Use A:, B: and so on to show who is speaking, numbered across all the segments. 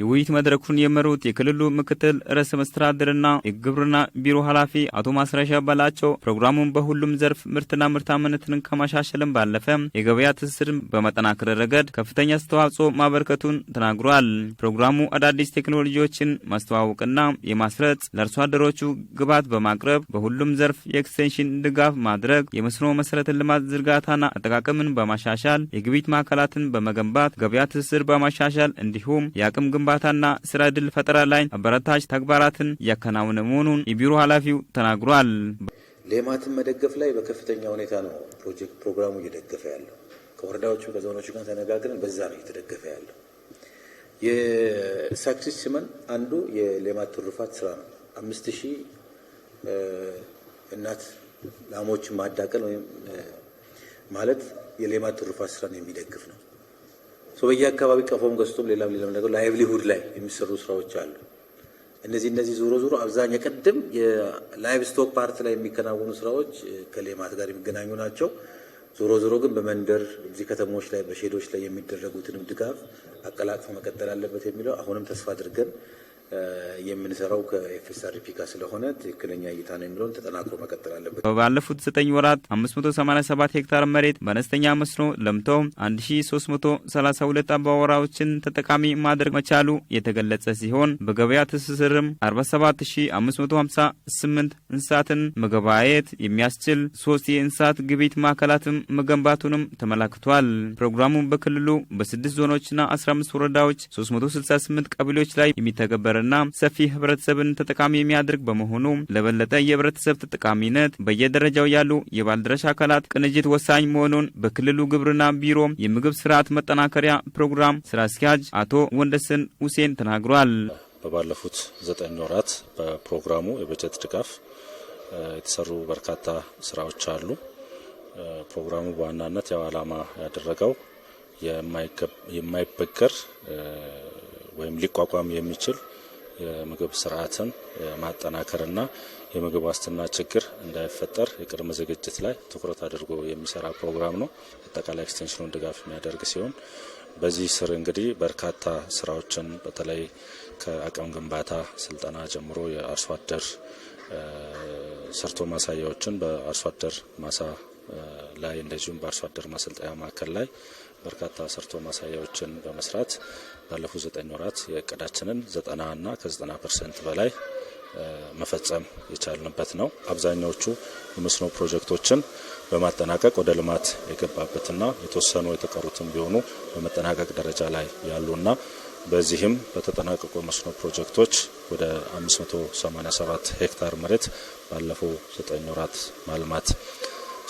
A: የውይይት መድረኩን የመሩት የክልሉ ምክትል ርዕሰ መስተዳድርና የግብርና ቢሮ ኃላፊ አቶ ማስረሻ በላቸው ፕሮግራሙን በሁሉም ዘርፍ ምርትና ምርታማነትን ከማሻሸልን ባለፈ የገበያ ትስስርን በመጠናከር ረገድ ከፍተኛ አስተዋጽኦ ማበርከቱን ተናግሯል። ፕሮግራሙ አዳዲስ ቴክኖሎጂዎችን ማስተዋወቅና የማስረጽ ለአርሶ አደሮቹ ግብዓት በማቅረብ በሁሉም ዘርፍ የኤክስቴንሽን ድጋፍ ማድረግ፣ የመስኖ መሰረተ ልማት ዝርጋታና አጠቃቀምን በማሻሻል የግብይት ማዕከላትን በመገንባት ገበያ ትስስር በማሻሻል እንዲሁም የአቅም ግንባ ግንባታና ስራ ድል ፈጠራ ላይ አበረታች ተግባራትን እያከናወነ መሆኑን የቢሮ ኃላፊው ተናግሯል።
B: ሌማትን መደገፍ ላይ በከፍተኛ ሁኔታ ነው ፕሮጀክት ፕሮግራሙ እየደገፈ ያለው። ከወረዳዎቹ ከዞኖቹ ጋር ተነጋግረን በዛ ነው እየተደገፈ ያለው። የሳክሲስ ሲመን አንዱ የሌማት ትሩፋት ስራ ነው። አምስት ሺህ እናት ላሞችን ማዳቀል ወይም ማለት የሌማት ትሩፋት ስራን የሚደግፍ ነው። በየአካባቢ ቀፎም ገዝቶም ሌላም ሌላም ነገር ላይቭሊሁድ ላይ የሚሰሩ ስራዎች አሉ። እነዚህ እነዚህ ዞሮ ዞሮ አብዛኛው ቅድም የላይቭ ስቶክ ፓርት ላይ የሚከናወኑ ስራዎች ከሌማት ጋር የሚገናኙ ናቸው። ዞሮ ዞሮ ግን በመንደር እዚህ ከተሞች ላይ በሼዶች ላይ የሚደረጉትንም ድጋፍ አቀላጥፎ መቀጠል አለበት የሚለው አሁንም ተስፋ አድርገን የምንሰራው ከኤፍኤስአርፒ ጋር ስለሆነ ትክክለኛ እይታ ነው የሚለውን ተጠናክሮ መቀጠል አለበት።
A: ባለፉት ዘጠኝ ወራት 587 ሄክታር መሬት በአነስተኛ መስኖ ለምቶ ሁለት አባወራዎችን ተጠቃሚ ማድረግ መቻሉ የተገለጸ ሲሆን በገበያ ትስስርም ስምንት እንስሳትን መገባየት የሚያስችል ሶስት የእንስሳት ግብይት ማዕከላትም መገንባቱንም ተመላክቷል። ፕሮግራሙ በክልሉ በስድስት ዞኖችና 15 ወረዳዎች 368 ቀበሌዎች ላይ የሚተገበረ የሚጨምርና ሰፊ ህብረተሰብን ተጠቃሚ የሚያደርግ በመሆኑ ለበለጠ የህብረተሰብ ተጠቃሚነት በየደረጃው ያሉ የባለድርሻ አካላት ቅንጅት ወሳኝ መሆኑን በክልሉ ግብርና ቢሮ የምግብ ስርዓት መጠናከሪያ ፕሮግራም ስራ አስኪያጅ አቶ ወንደሰን ሁሴን ተናግሯል።
B: በባለፉት ዘጠኝ ወራት በፕሮግራሙ የበጀት ድጋፍ የተሰሩ በርካታ ስራዎች አሉ። ፕሮግራሙ በዋናነት ያው ዓላማ ያደረገው የማይበገር ወይም ሊቋቋም የሚችል የምግብ ስርዓትን ማጠናከርና የምግብ ዋስትና ችግር እንዳይፈጠር የቅድመ ዝግጅት ላይ ትኩረት አድርጎ የሚሰራ ፕሮግራም ነው። አጠቃላይ ኤክስቴንሽኑን ድጋፍ የሚያደርግ ሲሆን በዚህ ስር እንግዲህ በርካታ ስራዎችን በተለይ ከአቅም ግንባታ ስልጠና ጀምሮ የአርሶ አደር ሰርቶ ማሳያዎችን በአርሶ አደር ማሳ ላይ እንደዚሁም በአርሶ አደር ማሰልጠያ ማዕከል ላይ በርካታ ሰርቶ ማሳያዎችን በመስራት ባለፉት ዘጠኝ ወራት የእቅዳችንን ዘጠና ና ከዘጠና ፐርሰንት በላይ መፈጸም የቻልንበት ነው። አብዛኛዎቹ የመስኖ ፕሮጀክቶችን በማጠናቀቅ ወደ ልማት የገባበትና የተወሰኑ የተቀሩትም ቢሆኑ በመጠናቀቅ ደረጃ ላይ ያሉና በዚህም በተጠናቀቁ የመስኖ ፕሮጀክቶች ወደ 587 ሄክታር መሬት ባለፈው ዘጠኝ ወራት ማልማት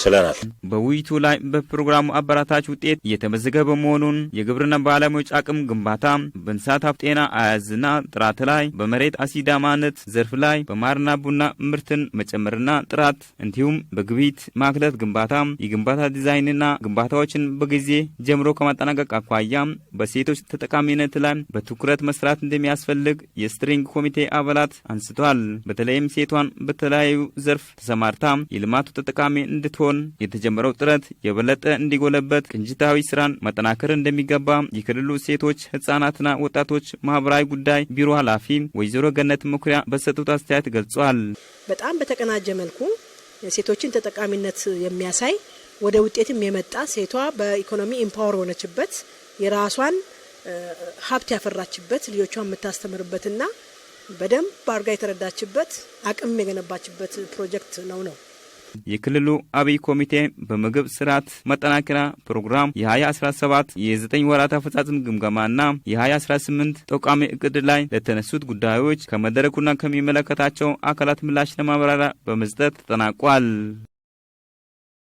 B: ችለናል።
A: በውይይቱ ላይ በፕሮግራሙ አበራታች ውጤት እየተመዘገበ መሆኑን የግብርና ባለሙያዎች አቅም ግንባታ፣ በእንስሳት ሀብት ጤና አያዝና ጥራት ላይ፣ በመሬት አሲዳማነት ዘርፍ ላይ፣ በማርና ቡና ምርትን መጨመርና ጥራት እንዲሁም በግብይት ማክለት ግንባታ፣ የግንባታ ዲዛይንና ግንባታዎችን በጊዜ ጀምሮ ከማጠናቀቅ አኳያ በሴቶች ተጠቃሚነት ላይ በትኩረት መስራት እንደሚያስፈልግ የስትሪንግ ኮሚቴ አባላት አንስተዋል። በተለይም ሴቷን በተለያዩ ዘርፍ ተሰማርታ የልማቱ ተጠቃሚ እንድትሆን ሲሆን የተጀመረው ጥረት የበለጠ እንዲጎለበት ቅንጅታዊ ስራን መጠናከር እንደሚገባ የክልሉ ሴቶች ህጻናትና ወጣቶች ማህበራዊ ጉዳይ ቢሮ ኃላፊ ወይዘሮ ገነት መኩሪያ በሰጡት አስተያየት ገልጿል።
C: በጣም በተቀናጀ መልኩ ሴቶችን ተጠቃሚነት የሚያሳይ ወደ ውጤትም የመጣ ሴቷ በኢኮኖሚ ኢምፓወር የሆነችበት የራሷን ሀብት ያፈራችበት ልጆቿ የምታስተምርበትና በደንብ አርጋ የተረዳችበት አቅም የገነባችበት ፕሮጀክት ነው ነው
A: የክልሉ አብይ ኮሚቴ በምግብ ስርዓት መጠናከሪያ ፕሮግራም የ2017 የ9 ወራት አፈጻጽም ግምገማና የ2018 ጠቋሚ እቅድ ላይ ለተነሱት ጉዳዮች ከመደረኩና ከሚመለከታቸው አካላት ምላሽ ለማብራሪያ በመስጠት ተጠናቋል።